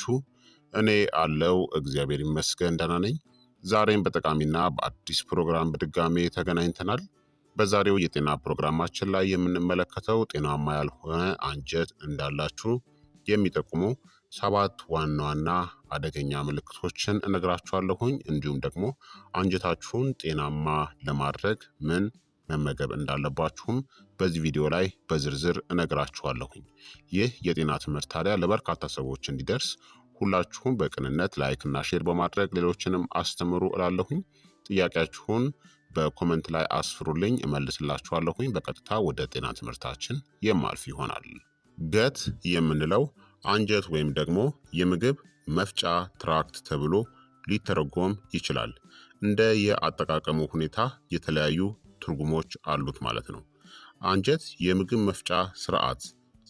ናችሁ? እኔ አለው እግዚአብሔር ይመስገን ደህና ነኝ። ዛሬም በጠቃሚና በአዲስ ፕሮግራም በድጋሜ ተገናኝተናል። በዛሬው የጤና ፕሮግራማችን ላይ የምንመለከተው ጤናማ ያልሆነ አንጀት እንዳላችሁ የሚጠቁሙ ሰባት ዋና ዋና አደገኛ ምልክቶችን እነግራችኋለሁኝ። እንዲሁም ደግሞ አንጀታችሁን ጤናማ ለማድረግ ምን መመገብ እንዳለባችሁም በዚህ ቪዲዮ ላይ በዝርዝር እነግራችኋለሁኝ። ይህ የጤና ትምህርት ታዲያ ለበርካታ ሰዎች እንዲደርስ ሁላችሁም በቅንነት ላይክ እና ሼር በማድረግ ሌሎችንም አስተምሩ እላለሁኝ። ጥያቄያችሁን በኮመንት ላይ አስፍሩልኝ፣ እመልስላችኋለሁኝ። በቀጥታ ወደ ጤና ትምህርታችን የማልፍ ይሆናል። ገት የምንለው አንጀት ወይም ደግሞ የምግብ መፍጫ ትራክት ተብሎ ሊተረጎም ይችላል። እንደ የአጠቃቀሙ ሁኔታ የተለያዩ ትርጉሞች አሉት ማለት ነው። አንጀት የምግብ መፍጫ ስርዓት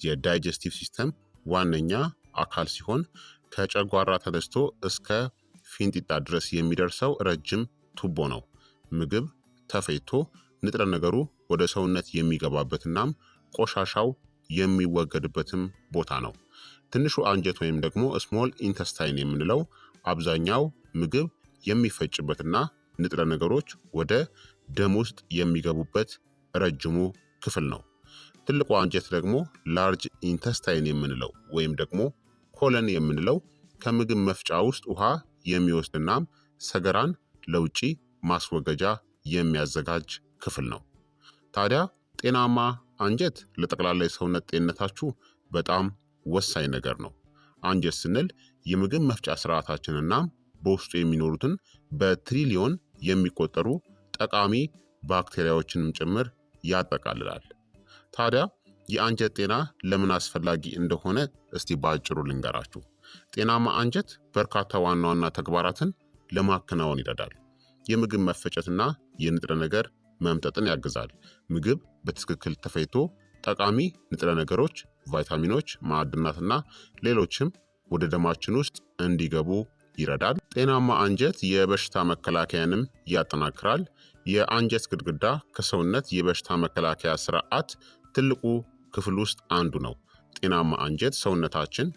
የዳይጀስቲቭ ሲስተም ዋነኛ አካል ሲሆን ከጨጓራ ተነስቶ እስከ ፊንጢጣ ድረስ የሚደርሰው ረጅም ቱቦ ነው። ምግብ ተፈይቶ ንጥረ ነገሩ ወደ ሰውነት የሚገባበትናም ቆሻሻው የሚወገድበትም ቦታ ነው። ትንሹ አንጀት ወይም ደግሞ ስሞል ኢንተስታይን የምንለው አብዛኛው ምግብ የሚፈጭበትና ንጥረ ነገሮች ወደ ደም ውስጥ የሚገቡበት ረጅሙ ክፍል ነው። ትልቁ አንጀት ደግሞ ላርጅ ኢንተስታይን የምንለው ወይም ደግሞ ኮለን የምንለው ከምግብ መፍጫ ውስጥ ውሃ የሚወስድናም ሰገራን ለውጪ ማስወገጃ የሚያዘጋጅ ክፍል ነው። ታዲያ ጤናማ አንጀት ለጠቅላላ የሰውነት ጤንነታችሁ በጣም ወሳኝ ነገር ነው። አንጀት ስንል የምግብ መፍጫ ስርዓታችንና በውስጡ የሚኖሩትን በትሪሊዮን የሚቆጠሩ ጠቃሚ ባክቴሪያዎችንም ጭምር ያጠቃልላል። ታዲያ የአንጀት ጤና ለምን አስፈላጊ እንደሆነ እስቲ በአጭሩ ልንገራችሁ። ጤናማ አንጀት በርካታ ዋና ዋና ተግባራትን ለማከናወን ይረዳል። የምግብ መፈጨትና የንጥረ ነገር መምጠጥን ያግዛል። ምግብ በትክክል ተፈይቶ ጠቃሚ ንጥረ ነገሮች፣ ቫይታሚኖች፣ ማዕድናትና ሌሎችም ወደ ደማችን ውስጥ እንዲገቡ ይረዳል። ጤናማ አንጀት የበሽታ መከላከያንም ያጠናክራል። የአንጀት ግድግዳ ከሰውነት የበሽታ መከላከያ ስርዓት ትልቁ ክፍል ውስጥ አንዱ ነው። ጤናማ አንጀት ሰውነታችን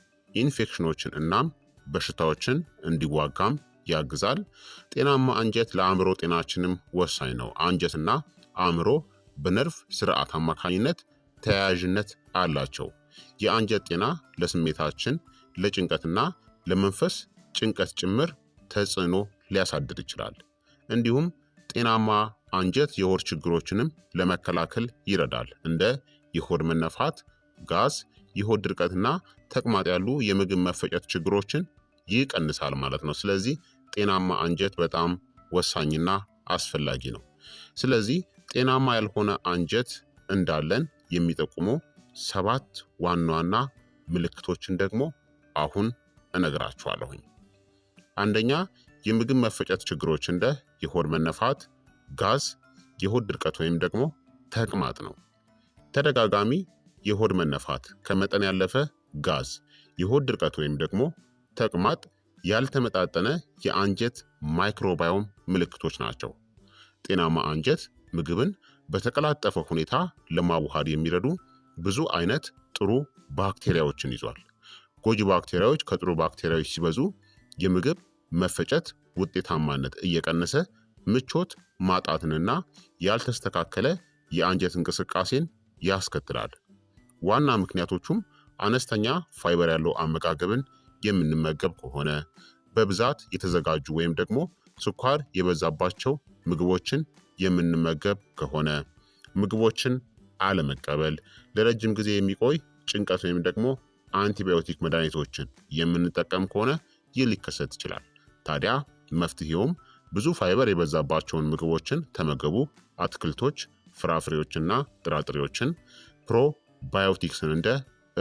ኢንፌክሽኖችን እናም በሽታዎችን እንዲዋጋም ያግዛል። ጤናማ አንጀት ለአእምሮ ጤናችንም ወሳኝ ነው። አንጀትና አእምሮ በነርቭ ስርዓት አማካኝነት ተያያዥነት አላቸው። የአንጀት ጤና ለስሜታችን፣ ለጭንቀትና ለመንፈስ ጭንቀት ጭምር ተጽዕኖ ሊያሳድር ይችላል። እንዲሁም ጤናማ አንጀት የሆድ ችግሮችንም ለመከላከል ይረዳል። እንደ የሆድ መነፋት፣ ጋዝ፣ የሆድ ድርቀትና ተቅማጥ ያሉ የምግብ መፈጨት ችግሮችን ይቀንሳል ማለት ነው። ስለዚህ ጤናማ አንጀት በጣም ወሳኝና አስፈላጊ ነው። ስለዚህ ጤናማ ያልሆነ አንጀት እንዳለን የሚጠቁሙ ሰባት ዋና ዋና ምልክቶችን ደግሞ አሁን እነግራችኋለሁኝ። አንደኛ የምግብ መፈጨት ችግሮች እንደ የሆድ መነፋት፣ ጋዝ፣ የሆድ ድርቀት ወይም ደግሞ ተቅማጥ ነው። ተደጋጋሚ የሆድ መነፋት፣ ከመጠን ያለፈ ጋዝ፣ የሆድ ድርቀት ወይም ደግሞ ተቅማጥ ያልተመጣጠነ የአንጀት ማይክሮባዮም ምልክቶች ናቸው። ጤናማ አንጀት ምግብን በተቀላጠፈ ሁኔታ ለማዋሃድ የሚረዱ ብዙ አይነት ጥሩ ባክቴሪያዎችን ይዟል። ጎጂ ባክቴሪያዎች ከጥሩ ባክቴሪያዎች ሲበዙ የምግብ መፈጨት ውጤታማነት እየቀነሰ ምቾት ማጣትንና ያልተስተካከለ የአንጀት እንቅስቃሴን ያስከትላል። ዋና ምክንያቶቹም አነስተኛ ፋይበር ያለው አመጋገብን የምንመገብ ከሆነ፣ በብዛት የተዘጋጁ ወይም ደግሞ ስኳር የበዛባቸው ምግቦችን የምንመገብ ከሆነ፣ ምግቦችን አለመቀበል፣ ለረጅም ጊዜ የሚቆይ ጭንቀት ወይም ደግሞ አንቲባዮቲክ መድኃኒቶችን የምንጠቀም ከሆነ ይህ ሊከሰት ይችላል። ታዲያ መፍትሄውም ብዙ ፋይበር የበዛባቸውን ምግቦችን ተመገቡ። አትክልቶች፣ ፍራፍሬዎችና ጥራጥሬዎችን፣ ፕሮባዮቲክስን እንደ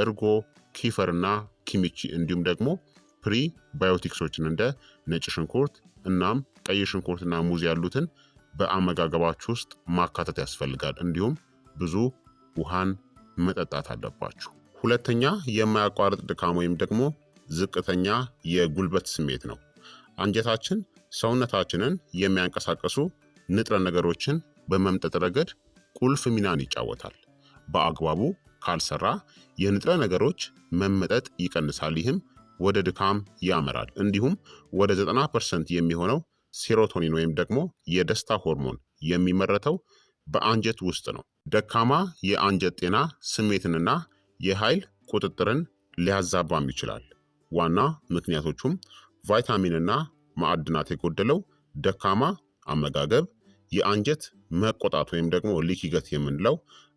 እርጎ፣ ኪፈርና ኪሚቺ እንዲሁም ደግሞ ባዮቲክሶችን እንደ ነጭ ሽንኩርት እናም ቀይ ሽንኩርትና ሙዝ ያሉትን በአመጋገባችሁ ውስጥ ማካተት ያስፈልጋል። እንዲሁም ብዙ ውሃን መጠጣት አለባችሁ። ሁለተኛ የማያቋርጥ ድካም ወይም ደግሞ ዝቅተኛ የጉልበት ስሜት ነው። አንጀታችን ሰውነታችንን የሚያንቀሳቀሱ ንጥረ ነገሮችን በመምጠጥ ረገድ ቁልፍ ሚናን ይጫወታል። በአግባቡ ካልሰራ የንጥረ ነገሮች መመጠጥ ይቀንሳል፣ ይህም ወደ ድካም ያመራል። እንዲሁም ወደ 90 ፐርሰንት የሚሆነው ሴሮቶኒን ወይም ደግሞ የደስታ ሆርሞን የሚመረተው በአንጀት ውስጥ ነው። ደካማ የአንጀት ጤና ስሜትንና የኃይል ቁጥጥርን ሊያዛባም ይችላል። ዋና ምክንያቶቹም ቫይታሚንና ማዕድናት የጎደለው ደካማ አመጋገብ፣ የአንጀት መቆጣት ወይም ደግሞ ሊኪገት የምንለው፣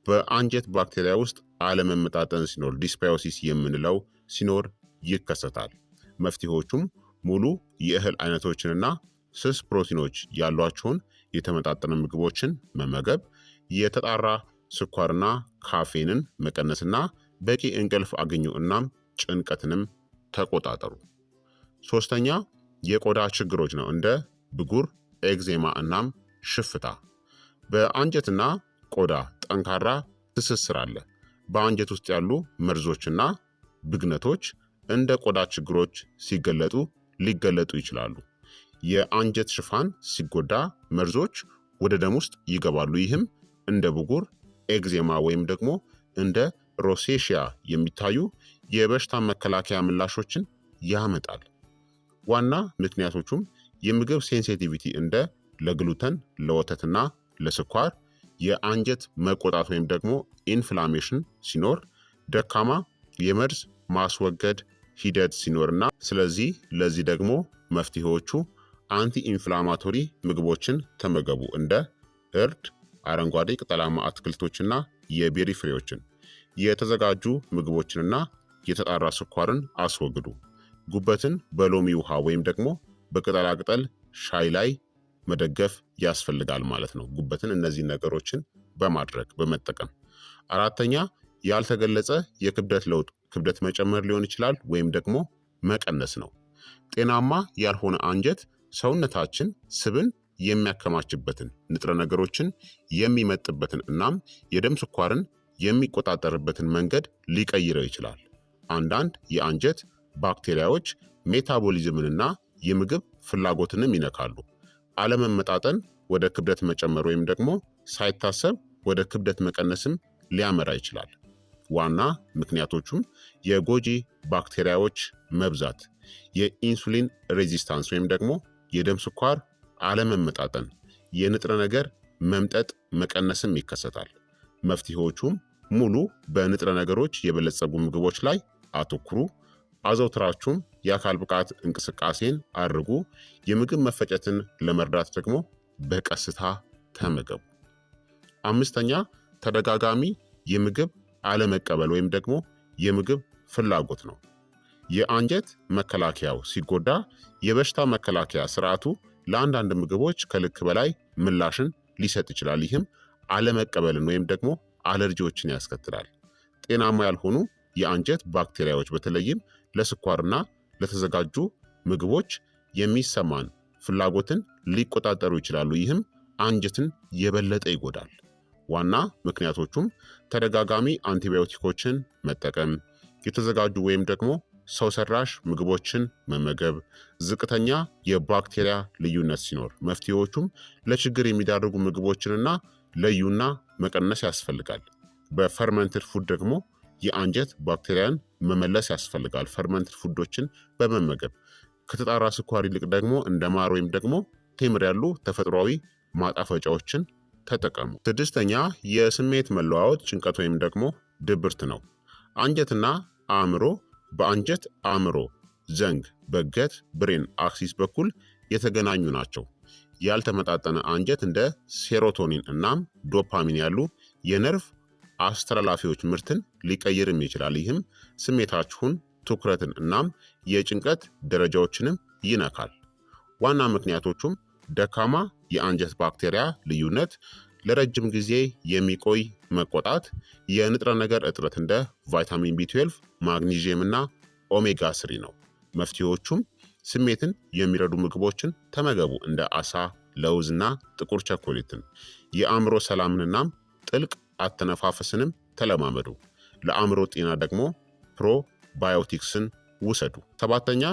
በአንጀት ባክቴሪያ ውስጥ አለመመጣጠን ሲኖር ዲስፓዮሲስ የምንለው ሲኖር ይከሰታል። መፍትሄዎቹም ሙሉ የእህል አይነቶችንና ስስ ፕሮቲኖች ያሏቸውን የተመጣጠነ ምግቦችን መመገብ፣ የተጣራ ስኳርና ካፌንን መቀነስና በቂ እንቅልፍ አግኙ እናም ጭንቀትንም ተቆጣጠሩ። ሶስተኛ የቆዳ ችግሮች ነው፣ እንደ ብጉር፣ ኤግዜማ እናም ሽፍታ። በአንጀትና ቆዳ ጠንካራ ትስስር አለ። በአንጀት ውስጥ ያሉ መርዞችና ብግነቶች እንደ ቆዳ ችግሮች ሲገለጡ ሊገለጡ ይችላሉ። የአንጀት ሽፋን ሲጎዳ መርዞች ወደ ደም ውስጥ ይገባሉ። ይህም እንደ ብጉር፣ ኤግዜማ ወይም ደግሞ እንደ ሮሴሽያ የሚታዩ የበሽታ መከላከያ ምላሾችን ያመጣል። ዋና ምክንያቶቹም የምግብ ሴንሲቲቪቲ እንደ ለግሉተን፣ ለወተትና ለስኳር፣ የአንጀት መቆጣት ወይም ደግሞ ኢንፍላሜሽን ሲኖር፣ ደካማ የመርዝ ማስወገድ ሂደት ሲኖርና ስለዚህ ለዚህ ደግሞ መፍትሄዎቹ አንቲ ኢንፍላማቶሪ ምግቦችን ተመገቡ እንደ እርድ፣ አረንጓዴ ቅጠላማ አትክልቶችና የቤሪ ፍሬዎችን የተዘጋጁ ምግቦችንና የተጣራ ስኳርን አስወግዱ። ጉበትን በሎሚ ውሃ ወይም ደግሞ በቅጠላቅጠል ሻይ ላይ መደገፍ ያስፈልጋል ማለት ነው። ጉበትን እነዚህን ነገሮችን በማድረግ በመጠቀም አራተኛ ያልተገለጸ የክብደት ለውጥ ክብደት መጨመር ሊሆን ይችላል ወይም ደግሞ መቀነስ ነው። ጤናማ ያልሆነ አንጀት ሰውነታችን ስብን የሚያከማችበትን ንጥረ ነገሮችን የሚመጥበትን እናም የደም ስኳርን የሚቆጣጠርበትን መንገድ ሊቀይረው ይችላል። አንዳንድ የአንጀት ባክቴሪያዎች ሜታቦሊዝምንና የምግብ ፍላጎትንም ይነካሉ። አለመመጣጠን ወደ ክብደት መጨመር ወይም ደግሞ ሳይታሰብ ወደ ክብደት መቀነስም ሊያመራ ይችላል። ዋና ምክንያቶቹም የጎጂ ባክቴሪያዎች መብዛት፣ የኢንሱሊን ሬዚስታንስ ወይም ደግሞ የደም ስኳር አለመመጣጠን፣ የንጥረ ነገር መምጠጥ መቀነስም ይከሰታል። መፍትሄዎቹም ሙሉ በንጥረ ነገሮች የበለጸጉ ምግቦች ላይ አትኩሩ። አዘውትራችሁም የአካል ብቃት እንቅስቃሴን አድርጉ። የምግብ መፈጨትን ለመርዳት ደግሞ በቀስታ ተመገቡ። አምስተኛ ተደጋጋሚ የምግብ አለመቀበል ወይም ደግሞ የምግብ ፍላጎት ነው። የአንጀት መከላከያው ሲጎዳ የበሽታ መከላከያ ስርዓቱ ለአንዳንድ ምግቦች ከልክ በላይ ምላሽን ሊሰጥ ይችላል። ይህም አለመቀበልን ወይም ደግሞ አለርጂዎችን ያስከትላል። ጤናማ ያልሆኑ የአንጀት ባክቴሪያዎች በተለይም ለስኳርና ለተዘጋጁ ምግቦች የሚሰማን ፍላጎትን ሊቆጣጠሩ ይችላሉ። ይህም አንጀትን የበለጠ ይጎዳል። ዋና ምክንያቶቹም ተደጋጋሚ አንቲባዮቲኮችን መጠቀም፣ የተዘጋጁ ወይም ደግሞ ሰው ሰራሽ ምግቦችን መመገብ፣ ዝቅተኛ የባክቴሪያ ልዩነት ሲኖር መፍትሄዎቹም ለችግር የሚዳርጉ ምግቦችንና ለዩና መቀነስ ያስፈልጋል። በፈርመንትድ ፉድ ደግሞ የአንጀት ባክቴሪያን መመለስ ያስፈልጋል። ፈርመንትድ ፉዶችን በመመገብ ከተጣራ ስኳር ይልቅ ደግሞ እንደ ማር ወይም ደግሞ ቴምር ያሉ ተፈጥሯዊ ማጣፈጫዎችን ተጠቀሙ። ስድስተኛ የስሜት መለዋወጥ ጭንቀት ወይም ደግሞ ድብርት ነው። አንጀትና አእምሮ በአንጀት አእምሮ ዘንግ በገት ብሬን አክሲስ በኩል የተገናኙ ናቸው። ያልተመጣጠነ አንጀት እንደ ሴሮቶኒን እናም ዶፓሚን ያሉ የነርቭ አስተላላፊዎች ምርትን ሊቀይርም ይችላል። ይህም ስሜታችሁን፣ ትኩረትን እናም የጭንቀት ደረጃዎችንም ይነካል። ዋና ምክንያቶቹም ደካማ የአንጀት ባክቴሪያ ልዩነት፣ ለረጅም ጊዜ የሚቆይ መቆጣት፣ የንጥረ ነገር እጥረት እንደ ቫይታሚን ቢ12፣ ማግኒዥየም እና ኦሜጋ ስሪ ነው። መፍትሄዎቹም ስሜትን የሚረዱ ምግቦችን ተመገቡ እንደ አሳ፣ ለውዝና ጥቁር ቸኮሌትን። የአእምሮ ሰላምንናም ጥልቅ አተነፋፈስንም ተለማመዱ። ለአእምሮ ጤና ደግሞ ፕሮባዮቲክስን ውሰዱ። ሰባተኛ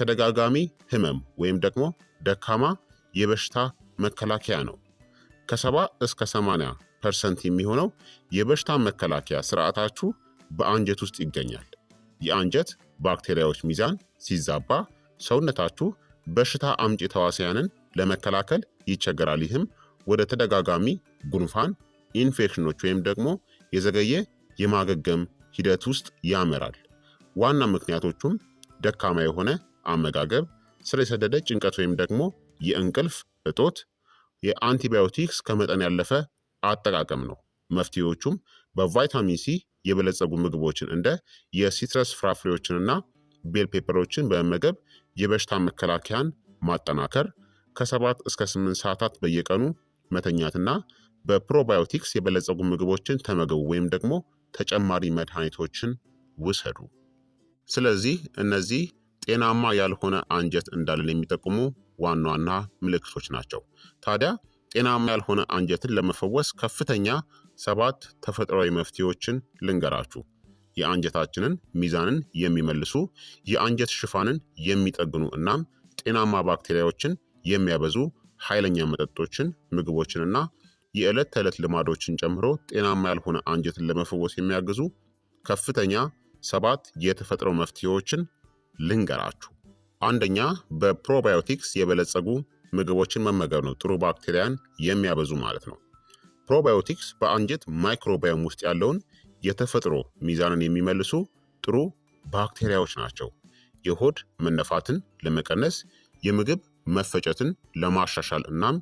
ተደጋጋሚ ህመም ወይም ደግሞ ደካማ የበሽታ መከላከያ ነው። ከሰባ እስከ 80 ፐርሰንት የሚሆነው የበሽታ መከላከያ ስርዓታችሁ በአንጀት ውስጥ ይገኛል። የአንጀት ባክቴሪያዎች ሚዛን ሲዛባ ሰውነታችሁ በሽታ አምጪ ተዋሲያንን ለመከላከል ይቸገራል። ይህም ወደ ተደጋጋሚ ጉንፋን፣ ኢንፌክሽኖች ወይም ደግሞ የዘገየ የማገገም ሂደት ውስጥ ያመራል። ዋና ምክንያቶቹም ደካማ የሆነ አመጋገብ፣ ስር የሰደደ ጭንቀት ወይም ደግሞ የእንቅልፍ እጦት፣ የአንቲባዮቲክስ ከመጠን ያለፈ አጠቃቀም ነው። መፍትሄዎቹም በቫይታሚን ሲ የበለጸጉ ምግቦችን እንደ የሲትረስ ፍራፍሬዎችንና ቤል ፔፐሮችን በመመገብ የበሽታ መከላከያን ማጠናከር፣ ከሰባት እስከ ስምንት ሰዓታት በየቀኑ መተኛትና በፕሮባዮቲክስ የበለጸጉ ምግቦችን ተመገቡ ወይም ደግሞ ተጨማሪ መድኃኒቶችን ውሰዱ። ስለዚህ እነዚህ ጤናማ ያልሆነ አንጀት እንዳለን የሚጠቁሙ ዋና ዋና ምልክቶች ናቸው። ታዲያ ጤናማ ያልሆነ አንጀትን ለመፈወስ ከፍተኛ ሰባት ተፈጥሯዊ መፍትሄዎችን ልንገራችሁ። የአንጀታችንን ሚዛንን የሚመልሱ የአንጀት ሽፋንን የሚጠግኑ እናም ጤናማ ባክቴሪያዎችን የሚያበዙ ኃይለኛ መጠጦችን፣ ምግቦችንና የዕለት ተዕለት ልማዶችን ጨምሮ ጤናማ ያልሆነ አንጀትን ለመፈወስ የሚያግዙ ከፍተኛ ሰባት የተፈጥሮ መፍትሄዎችን ልንገራችሁ። አንደኛ በፕሮባዮቲክስ የበለጸጉ ምግቦችን መመገብ ነው። ጥሩ ባክቴሪያን የሚያበዙ ማለት ነው። ፕሮባዮቲክስ በአንጀት ማይክሮባዮም ውስጥ ያለውን የተፈጥሮ ሚዛንን የሚመልሱ ጥሩ ባክቴሪያዎች ናቸው። የሆድ መነፋትን ለመቀነስ፣ የምግብ መፈጨትን ለማሻሻል እናም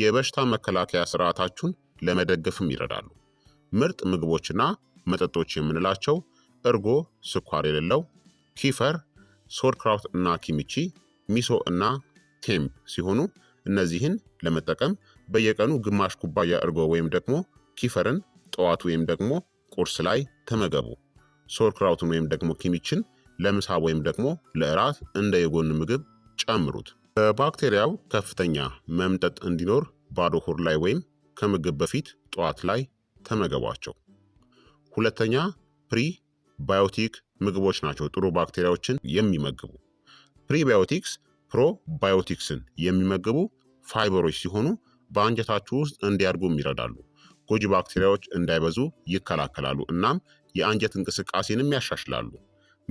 የበሽታ መከላከያ ስርዓታችሁን ለመደገፍም ይረዳሉ። ምርጥ ምግቦችና መጠጦች የምንላቸው እርጎ፣ ስኳር የሌለው ኪፈር፣ ሶርክራውት እና ኪሚቺ፣ ሚሶ እና ቴምፕ ሲሆኑ እነዚህን ለመጠቀም በየቀኑ ግማሽ ኩባያ እርጎ ወይም ደግሞ ኪፈርን ጠዋት ወይም ደግሞ ቁርስ ላይ ተመገቡ። ሶርክራውትን ወይም ደግሞ ኪሚችን ለምሳ ወይም ደግሞ ለእራት እንደ የጎን ምግብ ጨምሩት። በባክቴሪያው ከፍተኛ መምጠጥ እንዲኖር ባዶ ሆድ ላይ ወይም ከምግብ በፊት ጠዋት ላይ ተመገቧቸው። ሁለተኛ ፕሪባዮቲክ ምግቦች ናቸው ጥሩ ባክቴሪያዎችን የሚመግቡ። ፕሪባዮቲክስ ፕሮባዮቲክስን የሚመግቡ ፋይበሮች ሲሆኑ በአንጀታችሁ ውስጥ እንዲያድጉም ይረዳሉ። ጎጂ ባክቴሪያዎች እንዳይበዙ ይከላከላሉ እናም የአንጀት እንቅስቃሴንም ያሻሽላሉ።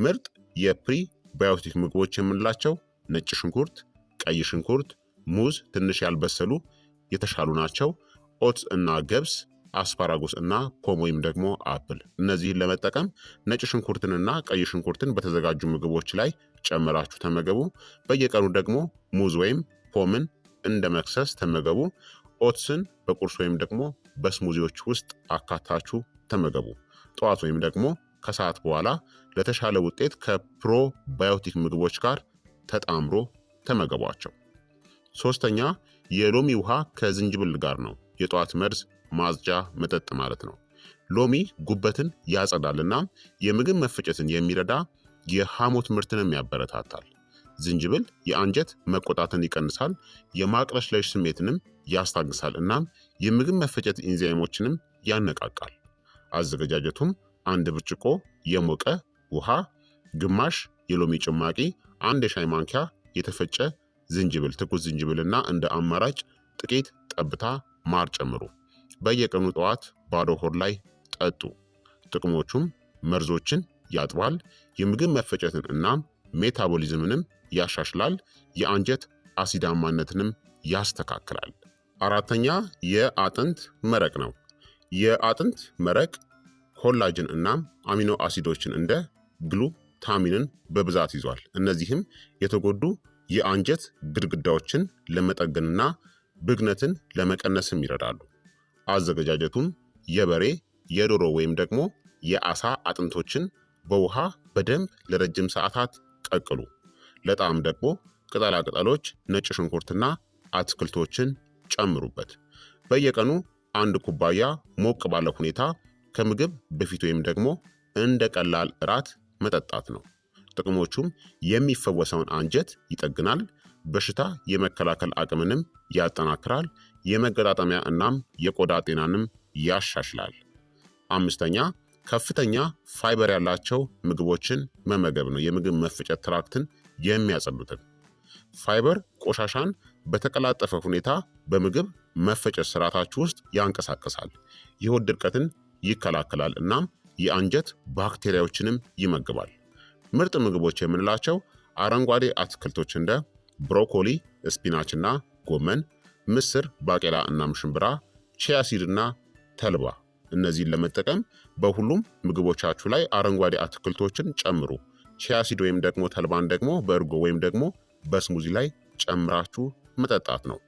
ምርጥ የፕሪ ባዮቲክ ምግቦች የምንላቸው ነጭ ሽንኩርት፣ ቀይ ሽንኩርት፣ ሙዝ ትንሽ ያልበሰሉ የተሻሉ ናቸው። ኦትስ እና ገብስ፣ አስፓራጎስ እና ፖም ወይም ደግሞ አፕል። እነዚህን ለመጠቀም ነጭ ሽንኩርትንና ቀይ ሽንኩርትን በተዘጋጁ ምግቦች ላይ ጨምራችሁ ተመገቡ። በየቀኑ ደግሞ ሙዝ ወይም ፖምን እንደ መክሰስ ተመገቡ። ኦትስን በቁርስ ወይም ደግሞ በስሙዚዎች ውስጥ አካታችሁ ተመገቡ። ጠዋት ወይም ደግሞ ከሰዓት በኋላ ለተሻለ ውጤት ከፕሮባዮቲክ ምግቦች ጋር ተጣምሮ ተመገቧቸው። ሶስተኛ የሎሚ ውሃ ከዝንጅብል ጋር ነው። የጠዋት መርዝ ማጽጃ መጠጥ ማለት ነው። ሎሚ ጉበትን ያጸዳልና የምግብ መፈጨትን የሚረዳ የሐሞት ምርትንም ያበረታታል። ዝንጅብል የአንጀት መቆጣትን ይቀንሳል፣ የማቅለሽለሽ ስሜትንም ያስታግሳል። እናም የምግብ መፈጨት ኢንዛይሞችንም ያነቃቃል። አዘገጃጀቱም አንድ ብርጭቆ የሞቀ ውሃ፣ ግማሽ የሎሚ ጭማቂ፣ አንድ የሻይ ማንኪያ የተፈጨ ዝንጅብል፣ ትኩስ ዝንጅብልና እንደ አማራጭ ጥቂት ጠብታ ማር ጨምሩ። በየቀኑ ጠዋት ባዶ ሆድ ላይ ጠጡ። ጥቅሞቹም መርዞችን ያጥባል፣ የምግብ መፈጨትን እናም ሜታቦሊዝምንም ያሻሽላል፣ የአንጀት አሲዳማነትንም ያስተካክላል። አራተኛ የአጥንት መረቅ ነው። የአጥንት መረቅ ኮላጅን እናም አሚኖ አሲዶችን እንደ ግሉታሚንን በብዛት ይዟል። እነዚህም የተጎዱ የአንጀት ግድግዳዎችን ለመጠገንና ብግነትን ለመቀነስም ይረዳሉ። አዘገጃጀቱም የበሬ የዶሮ ወይም ደግሞ የአሳ አጥንቶችን በውሃ በደንብ ለረጅም ሰዓታት ቀቅሉ። ለጣዕም ደግሞ ቅጠላቅጠሎች፣ ነጭ ሽንኩርትና አትክልቶችን ጨምሩበት። በየቀኑ አንድ ኩባያ ሞቅ ባለ ሁኔታ ከምግብ በፊት ወይም ደግሞ እንደ ቀላል እራት መጠጣት ነው። ጥቅሞቹም የሚፈወሰውን አንጀት ይጠግናል፣ በሽታ የመከላከል አቅምንም ያጠናክራል፣ የመገጣጠሚያ እናም የቆዳ ጤናንም ያሻሽላል። አምስተኛ ከፍተኛ ፋይበር ያላቸው ምግቦችን መመገብ ነው። የምግብ መፍጨት ትራክትን የሚያጸዱትን ፋይበር ቆሻሻን በተቀላጠፈ ሁኔታ በምግብ መፈጨት ስርዓታችሁ ውስጥ ያንቀሳቅሳል። የሆድ ድርቀትን ይከላከላል፣ እናም የአንጀት ባክቴሪያዎችንም ይመግባል። ምርጥ ምግቦች የምንላቸው አረንጓዴ አትክልቶች እንደ ብሮኮሊ፣ ስፒናችና ጎመን፣ ምስር፣ ባቄላ እናም ሽምብራ፣ ቺያሲድ እና ተልባ። እነዚህን ለመጠቀም በሁሉም ምግቦቻችሁ ላይ አረንጓዴ አትክልቶችን ጨምሩ። ቺያሲድ ወይም ደግሞ ተልባን ደግሞ በእርጎ ወይም ደግሞ በስሙዚ ላይ ጨምራችሁ መጠጣት ነው።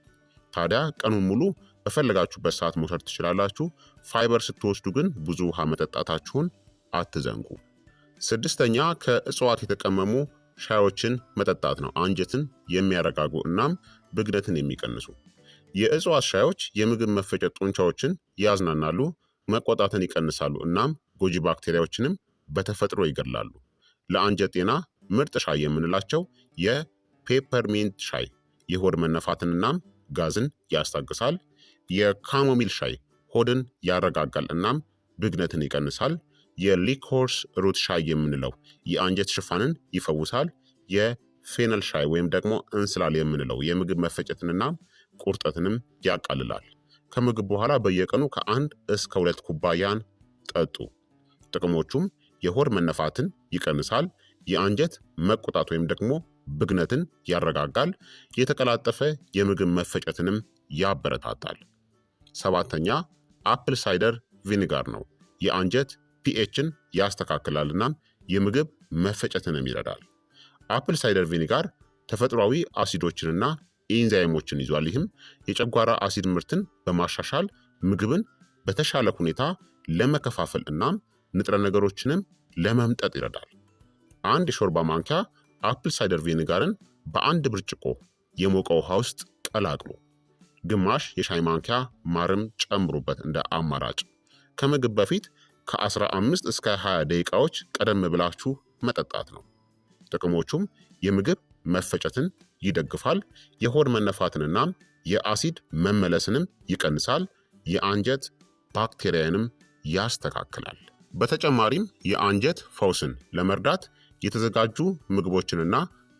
ታዲያ ቀኑን ሙሉ በፈለጋችሁበት ሰዓት መውሰድ ትችላላችሁ። ፋይበር ስትወስዱ ግን ብዙ ውሃ መጠጣታችሁን አትዘንጉ። ስድስተኛ ከእጽዋት የተቀመሙ ሻዮችን መጠጣት ነው። አንጀትን የሚያረጋጉ እናም ብግነትን የሚቀንሱ የእጽዋት ሻዮች የምግብ መፈጨት ጡንቻዎችን ያዝናናሉ፣ መቆጣትን ይቀንሳሉ፣ እናም ጎጂ ባክቴሪያዎችንም በተፈጥሮ ይገድላሉ። ለአንጀት ጤና ምርጥ ሻይ የምንላቸው የፔፐርሚንት ሻይ የሆድ መነፋትንና ጋዝን ያስታግሳል። የካሞሚል ሻይ ሆድን ያረጋጋል እናም ብግነትን ይቀንሳል። የሊኮርስ ሩት ሻይ የምንለው የአንጀት ሽፋንን ይፈውሳል። የፌነል ሻይ ወይም ደግሞ እንስላል የምንለው የምግብ መፈጨትንና ቁርጠትንም ያቃልላል። ከምግብ በኋላ በየቀኑ ከአንድ እስከ ሁለት ኩባያን ጠጡ። ጥቅሞቹም የሆድ መነፋትን ይቀንሳል። የአንጀት መቆጣት ወይም ደግሞ ብግነትን ያረጋጋል፣ የተቀላጠፈ የምግብ መፈጨትንም ያበረታታል። ሰባተኛ አፕል ሳይደር ቪኒጋር ነው። የአንጀት ፒኤችን ያስተካክላል እናም የምግብ መፈጨትንም ይረዳል። አፕል ሳይደር ቪኒጋር ተፈጥሯዊ አሲዶችንና ኢንዛይሞችን ይዟል። ይህም የጨጓራ አሲድ ምርትን በማሻሻል ምግብን በተሻለ ሁኔታ ለመከፋፈል እናም ንጥረ ነገሮችንም ለመምጠጥ ይረዳል። አንድ የሾርባ ማንኪያ አፕል ሳይደር ቪኒጋርን በአንድ ብርጭቆ የሞቀ ውሃ ውስጥ ቀላቅሉ። ግማሽ የሻይ ማንኪያ ማርም ጨምሩበት እንደ አማራጭ። ከምግብ በፊት ከ15 እስከ 20 ደቂቃዎች ቀደም ብላችሁ መጠጣት ነው። ጥቅሞቹም የምግብ መፈጨትን ይደግፋል፣ የሆድ መነፋትንና የአሲድ መመለስንም ይቀንሳል፣ የአንጀት ባክቴሪያንም ያስተካክላል። በተጨማሪም የአንጀት ፈውስን ለመርዳት የተዘጋጁ ምግቦችንና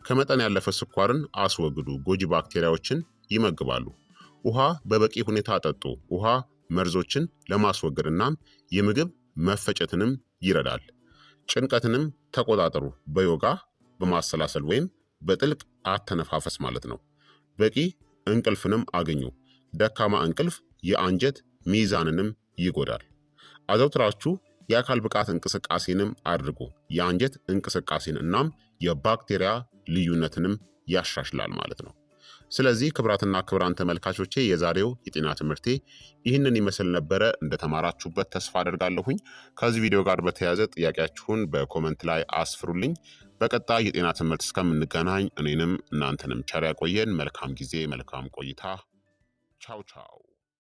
ከመጠን ያለፈ ስኳርን አስወግዱ። ጎጂ ባክቴሪያዎችን ይመግባሉ። ውሃ በበቂ ሁኔታ አጠጡ። ውሃ መርዞችን ለማስወገድ እናም የምግብ መፈጨትንም ይረዳል። ጭንቀትንም ተቆጣጠሩ። በዮጋ በማሰላሰል ወይም በጥልቅ አተነፋፈስ ማለት ነው። በቂ እንቅልፍንም አገኙ። ደካማ እንቅልፍ የአንጀት ሚዛንንም ይጎዳል። አዘውትራችሁ የአካል ብቃት እንቅስቃሴንም አድርጉ። የአንጀት እንቅስቃሴን እናም የባክቴሪያ ልዩነትንም ያሻሽላል ማለት ነው። ስለዚህ ክብራትና ክብራን ተመልካቾቼ የዛሬው የጤና ትምህርቴ ይህንን ይመስል ነበረ። እንደተማራችሁበት ተስፋ አደርጋለሁኝ። ከዚህ ቪዲዮ ጋር በተያያዘ ጥያቄያችሁን በኮመንት ላይ አስፍሩልኝ። በቀጣይ የጤና ትምህርት እስከምንገናኝ እኔንም እናንተንም ቸር ያቆየን። መልካም ጊዜ፣ መልካም ቆይታ። ቻው ቻው